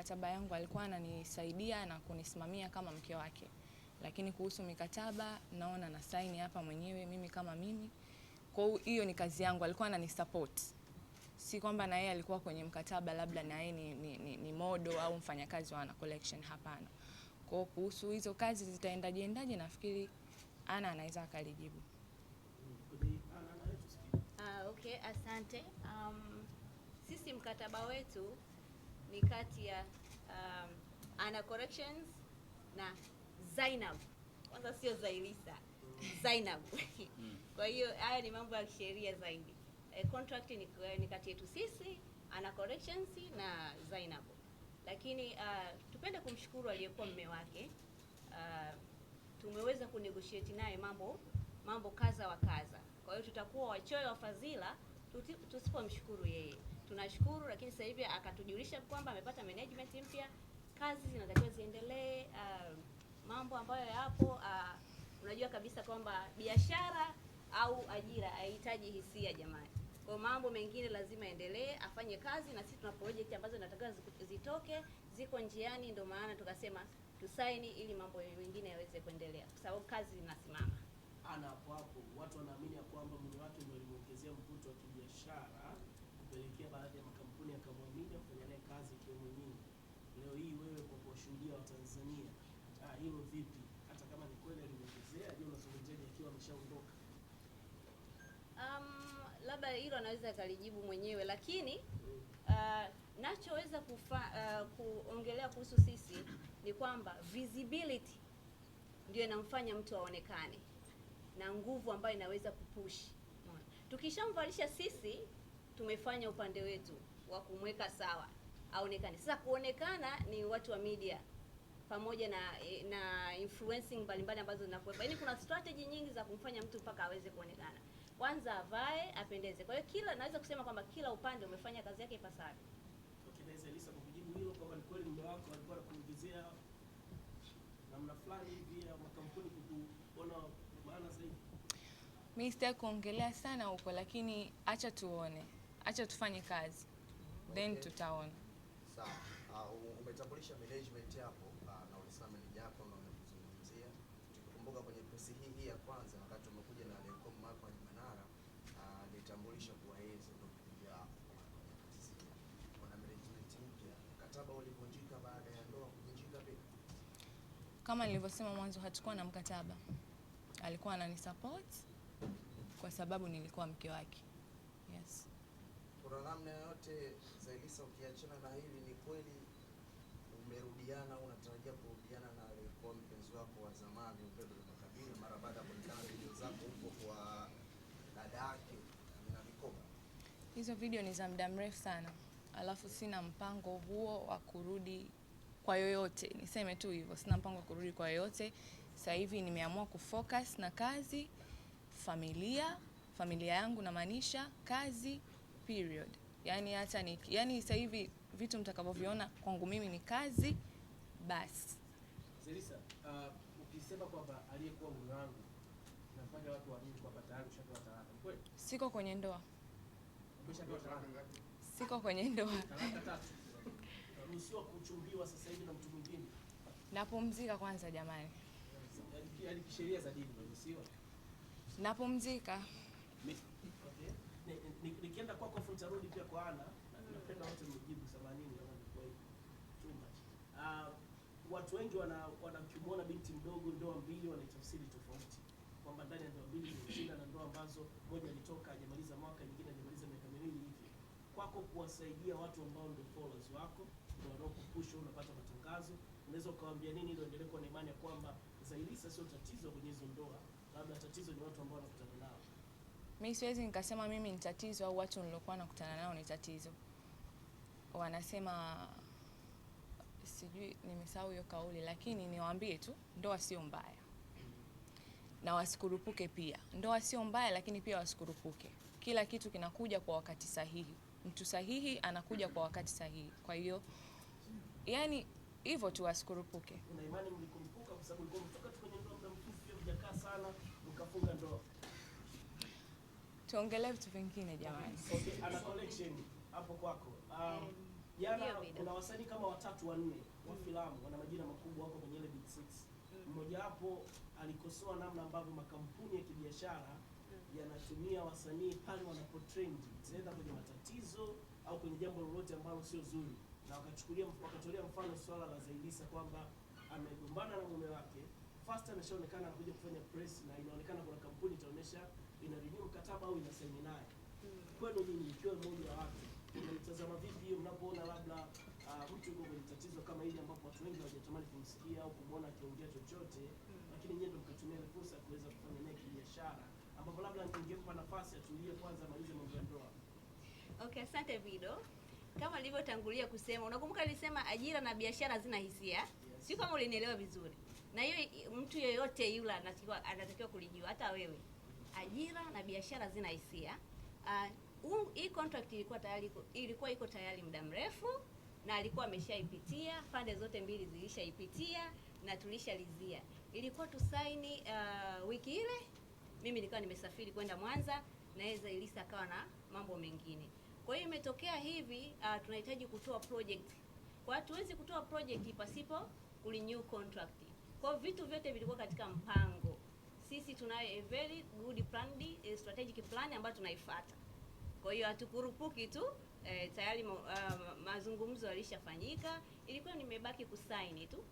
mikataba yangu alikuwa ananisaidia na kunisimamia kama mke wake, lakini kuhusu mikataba naona na saini hapa mwenyewe mimi kama mimi. Kwa hiyo ni kazi yangu, alikuwa ananisupport, si kwamba na yeye alikuwa kwenye mkataba labda na yeye ni, ni, ni, ni modo au mfanyakazi wa Ana Collection. Hapana. Kwa kuhusu hizo kazi zitaendaje endaje, nafikiri Ana anaweza akalijibu. Uh, okay, asante. Um, sisi mkataba wetu ni kati ya um, Ana Corrections na Zainab, kwanza sio Zailisa, Zainab hmm. kwa hiyo haya ni mambo ya kisheria zaidi. E, contract ni, ni kati yetu sisi Ana Corrections na Zainab, lakini uh, tupende kumshukuru aliyekuwa mme wake uh, tumeweza kunegotiate naye mambo mambo kadha wa kadha. Kwa hiyo tutakuwa wachoyo wa fadhila tusipomshukuru yeye tunashukuru, lakini sasa hivi akatujulisha kwamba amepata management mpya, kazi zinatakiwa ziendelee. Uh, mambo ambayo yapo uh, unajua kabisa kwamba biashara au ajira haihitaji hisia jamani, kwa mambo mengine lazima endelee, afanye kazi, na sisi tuna project ambazo natakiwa zitoke, ziko njiani, ndio maana tukasema tusaini ili mambo mengine yaweze kuendelea, kwa sababu kazi inasimama. Ana hapo hapo watu wanaamini kwamba mume wake ndio alimuongezea mvuto wa kibiashara kupelekea baadhi ya makampuni yakamwamini kufanya naye kazi ikiwemo nyingi. Leo hii wewe kwa kuwashuhudia Watanzania, ah, hilo vipi? Hata kama ni kweli alimuongezea, je, unazungumziaje akiwa ameshaondoka? Um, labda hilo anaweza akalijibu mwenyewe, lakini uh, nachoweza kufa, uh, kuongelea kuhusu sisi ni kwamba visibility ndio inamfanya mtu aonekane na nguvu ambayo inaweza kupush. Tukishamvalisha sisi tumefanya upande wetu wa kumweka sawa aonekane. Sasa kuonekana ni watu wa media pamoja na eh, na influencing mbalimbali ambazo zinakuwepo. Yaani kuna strategy nyingi za kumfanya mtu mpaka aweze kuonekana. Kwanza avae, apendeze. Kwa hiyo kila naweza kusema kwamba kila upande umefanya kazi yake ipasavyo. mi naweza kwa kujibu hilo kwamba ni kweli mume wako alikuwa namna fulani hivi ya makampuni maana zaidi. Mimi sitaki kuongelea sana huko lakini acha tuone acha tufanye kazi then Tutaona sawa. Uh, umetambulisha management ah, na ulisema yako na tukikumbuka kwenye hii hii ya kwanza, wakati umekuja na Manara ah, alitambulisha kuwa yeye ndio wako management mpya. Mkataba ulivunjika baada ya ndoa kuvunjika pia, kama nilivyosema mwanzo, hatukuwa na mkataba, alikuwa ananisupport kwa sababu nilikuwa mke wake. Yes kuna namna yoyote Zailisa, ukiachana na hili, ni kweli umerudiana, unatarajia kurudiana na aliyekuwa mpenzi wako wa zamani Pedro Makabila mara baada ya kuonekana video zako huko kwa dada yake na mikoba? Hizo video ni za muda mrefu sana, alafu sina mpango huo wa kurudi kwa yoyote, niseme tu hivyo, sina mpango wa kurudi kwa yoyote. Sasa hivi nimeamua kufocus na kazi, familia, familia yangu, namaanisha kazi period. Yani hata ni yani, sasa hivi vitu mtakavyoviona kwangu mimi ni kazi basi. Zilisa, uh, ukisema kwamba aliyekuwa mume wangu nafanya watu waamini kwamba tayari ushatoa talaka, ni kweli? Siko kwenye ndoa. Umeshatoa talaka ngapi? Siko kwenye ndoa. Talaka tatu. Ruhusiwa kuchumbiwa sasa hivi na mtu mwingine. Napumzika kwanza jamani. Yaani, yaani kisheria za dini ruhusiwa. Napumzika. wote mjibu 80 ilikuwa too much. Uh, watu wengi wana wana binti mdogo ndoa mbili wanaitafsiri tofauti kwamba ndani ya ndoa mbili kuna na ndoa ambazo moja alitoka hajamaliza mwaka nyingine hajamaliza miaka miwili hivi. Kwako kuwasaidia watu ambao ndio followers wako ndio wanaokupush, unapata matangazo, unaweza ukawaambia nini ili endelee kuwa na imani ya kwamba Zaiylisa sio tatizo kwenye hizo ndoa, labda tatizo ni watu ambao wanakutana nao. Mimi siwezi nikasema mimi ni tatizo au watu nilokuwa nakutana nao ni tatizo wanasema sijui nimesahau hiyo kauli, lakini niwaambie tu, ndoa sio mbaya na wasikurupuke pia. Ndoa sio mbaya, lakini pia wasikurupuke. Kila kitu kinakuja kwa wakati sahihi, mtu sahihi anakuja kwa wakati sahihi. Kwa hiyo yani hivyo tu, wasikurupuke. Una imani kwa sababu kwenye ndoa muda mfupi, sana, mkafunga ndoa. Tuongelee vitu vingine jamani. Okay, ana collection kwako. Um, jana kuna wasanii kama watatu wanne wa mm. filamu wana majina makubwa wako kwenye ile big six. mm. Mmoja hapo alikosoa namna ambavyo makampuni ya kibiashara mm. yanatumia wasanii pale wanapotrendi, zinaenda kwenye matatizo au kwenye jambo lolote ambalo sio zuri, na wakachukulia wakatolea mfano swala la Zailisa kwamba amegombana na mume wake First ameshaonekana anakuja kufanya press na inaonekana kuna kampuni itaonyesha ina renew mkataba au ina saini naye. Mm. Kwenu nyinyi ikiwa mmoja wa watu Unamtazama vipi unapoona labda uh, mtu yuko kwenye tatizo kama hili ambapo watu wengi hawajatamani kumsikia au kumwona akiongea chochote, hmm. lakini nyewe ndio mkatumia fursa ya kuweza kufanya naye kibiashara, ambapo labda ningempa nafasi atulie kwanza, amalize mambo ya ndoa. Okay, asante Vido. Kama nilivyotangulia kusema, unakumbuka nilisema ajira na biashara zina hisia? Yes. Sio kama ulinielewa vizuri. Na hiyo mtu yeyote yule anatakiwa kulijua, hata wewe. Ajira na biashara zina hisia. Uh, hii contract ilikuwa tayari ilikuwa iko tayari muda mrefu na alikuwa ameshaipitia, pande zote mbili zilishaipitia na tulishalizia. Ilikuwa tusaini uh, wiki ile, mimi nilikuwa nimesafiri kwenda Mwanza na yeye Zailisa akawa na mambo mengine. Kwa hiyo imetokea hivi uh, tunahitaji kutoa project. Kwa hatuwezi kutoa project pasipo kurenew contract. Kwa vitu vyote vilikuwa katika mpango. Sisi tunayo a very good plan, strategic plan ambayo tunaifuata. Kwa hiyo hatukurupuki tu e, tayari uh, mazungumzo yalishafanyika, ilikuwa nimebaki kusaini tu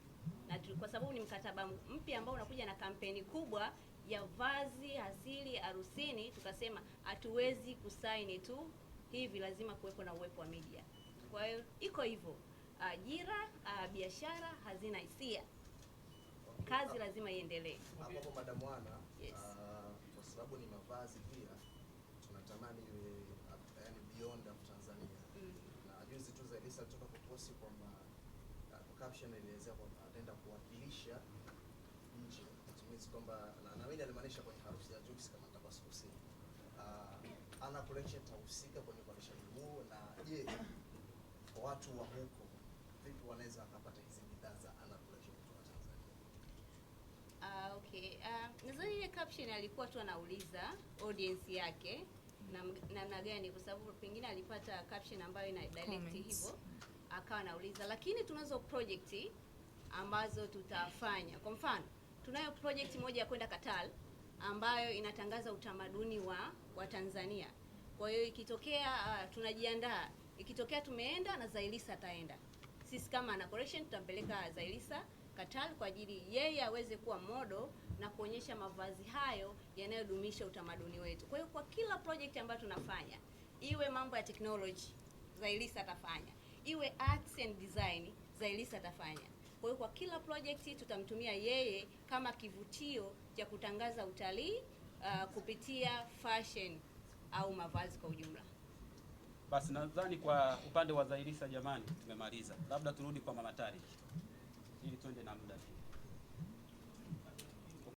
na tu, kwa sababu ni mkataba mpya ambao unakuja na kampeni kubwa ya vazi asili harusini, tukasema hatuwezi kusaini tu hivi, lazima kuwepo na uwepo wa media. Kwa hiyo iko hivyo, ajira, ah, biashara hazina hisia, kazi lazima iendelee. madam Wana, yes. Uh, kwa sababu ni mavazi pia tunatamani iwe beyond of Tanzania mm. na juzi tu Zaiylisa alitoka kuposti kwamba uh, caption ilielezea kwamba ataenda kuwakilisha nje, tumezi kwamba na naamini alimaanisha kwenye harusi ya Jux kama nitakuwa sikosei. Uh, ana collection tahusika kwenye uharishaji nguo na je kwa watu wa huko vipi wanaweza wakapata hizi bidhaa za ana collection kutoka Tanzania? Ah, okay. Uh, nadhani ile caption alikuwa tu anauliza audience yake namna gani, kwa sababu pengine alipata caption ambayo ina direct hivyo akawa anauliza, lakini tunazo project ambazo tutafanya. Kwa mfano, tunayo project moja ya kwenda Katal ambayo inatangaza utamaduni wa wa Tanzania. Kwa hiyo ikitokea uh, tunajiandaa, ikitokea tumeenda na Zailisa ataenda, sisi kama ana correction tutampeleka Zailisa Katal kwa ajili yeye aweze kuwa modo na kuonyesha mavazi hayo yanayodumisha utamaduni wetu. Kwa hiyo kwa kila project ambayo tunafanya, iwe mambo ya technology, Zailisa atafanya, iwe arts and design, Zailisa atafanya. Kwa hiyo kwa kila project tutamtumia yeye kama kivutio cha kutangaza utalii uh, kupitia fashion au mavazi kwa ujumla. Basi nadhani kwa upande wa Zailisa, jamani, tumemaliza. Labda turudi kwa Mama 你做点哪路的？